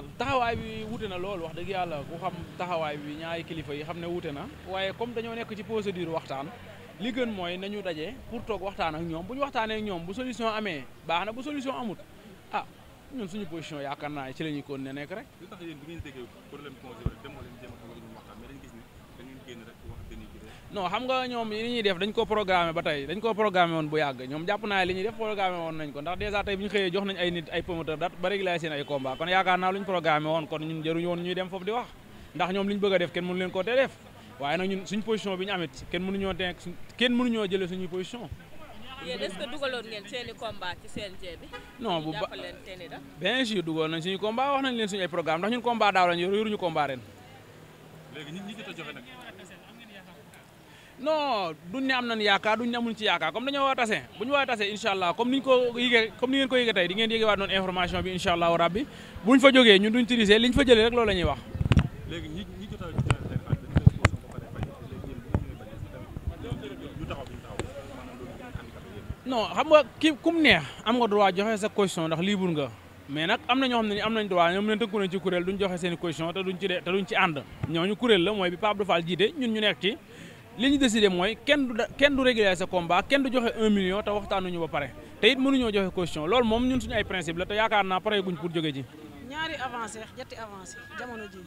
waaw taxawaay bi wute na lool wax dëgg yàlla ku xam taxawaay bi ñaari kilifa yi xam ne wute na waaye comme dañoo nekk ci procédure waxtaan li gën mooy nañu daje pour toog waxtaan ak ñoom bu ñu waxtaanee ñoom bu solution amee baax na bu solution amut a ah, ñun suñu position yaakaar naa ci la ñuy kon ne rek. non xam nga ñoom li ñuy def dañ ko programmé ba tey dañ ko programmé woon bu yàgg ñoom jàpp naa li ñuy def programmé woon nañ ko ndax dèjà tey bi ñu xëyee jox nañ ay nit ay promoteur woon kon a def kenn mënu leen ko te def waaye nag ñun suñ position bi ñu amit kenn mënuñoo teg kenn mënuñoo jëlee suñuy position yéen est-ce que dugaloon ngeen wax nañ leen suñu ay programme ndax ñun combat daaw lañ yor yoruñu combat ren non duñ am nañ yaakaar duñ ne ci yaakaar comme dañoo war a tase bu ñu war a tase incha allah comme niñ ko yëgee comme ni ngeen ko yëgee tey bi incha allahu rabbi buñ fa jógee ñun duñ tirisee liñ fa jëlee rek loolu la ñuy xam nga ki kum neex am nga droit joxe sa caution ndax libre nga mais nag am na ñoo xam ne am nañ droit ñoom leen na nañ ci kuréel duñ joxe seen i caution te duñ ci de te duñ ci ànd ñooñu kuréel la mooy bi Pape Dou Fall jiite ñun ñu nekk ci li ñu décidé mooy kenn du kenn du réguler sa combat kenn du joxe un million te waxtaanuñu ba pare te it mënuñoo joxe caution loolu moom ñun suñu ay principe la te yaakaar naa pare guñ pour jóge ji. ñaari avancé ñetti avancé jamono ji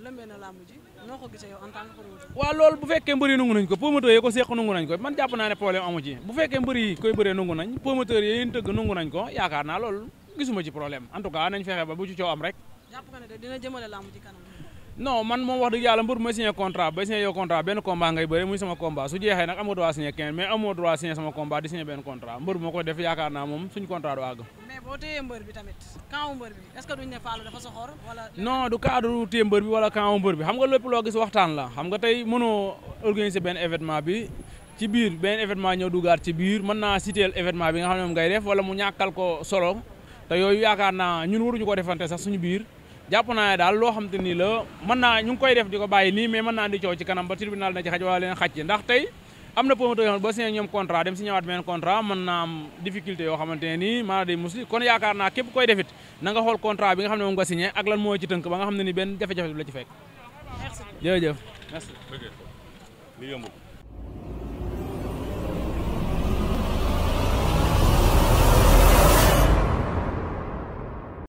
lëmbee na làmb ji noo ko gisee yow en tant que promoteur. bu fekkee mbëri nangu nañ ko promoteurs yi ko seq nangu nañ ko man jàpp naa ne problème amu ci bu fekkee mbëri yi koy bëree nangu nañ promoteurs yi tëgg nangu ko yaakaar naa loolu gisuma ci en tout cas nañ ba bu ci coow am rek. jàpp nga ne dina jëmale làmb non man moom wax dëgg mbër mooy signé contrat contrat benn combat ngay bëri muy benn contrat mbër moo koy def yaakaar naa moom suñu contrat du àgg. mais boo téyee mbër bi tamit camp mbër bi est-ce que duñ ne Fallou dafa soxor wala. non du cadre wala camp mbër bi xam nga lépp loo gis waxtaan la xam nga tey mënoo organiser benn événement bi. ci biir benn événement ñëw dugaat ci biir mën naa citer événement bi nga xam ne moom def wala mu ñàkkal ko solo te yaakaar naa ñun waruñu ko defante sax suñu biir jàpp naa daal loo xam te nii la mën naa ñu koy def di ko bàyyi nii mais mën naa di coow ci kanam ba tribunal na ci xaj wala leen xaj am na promoteur yoo xam ba signé ñoom contrat dem si ñëwaat beneen contrat mën naa am yoo xamante ne nii maana day musli kon yaakaar naa képp koy defit na nga xool contrat nga xam ne moom nga signé ak lan moo ci tënk ba nga xam ne ni benn jafe-jafe bi la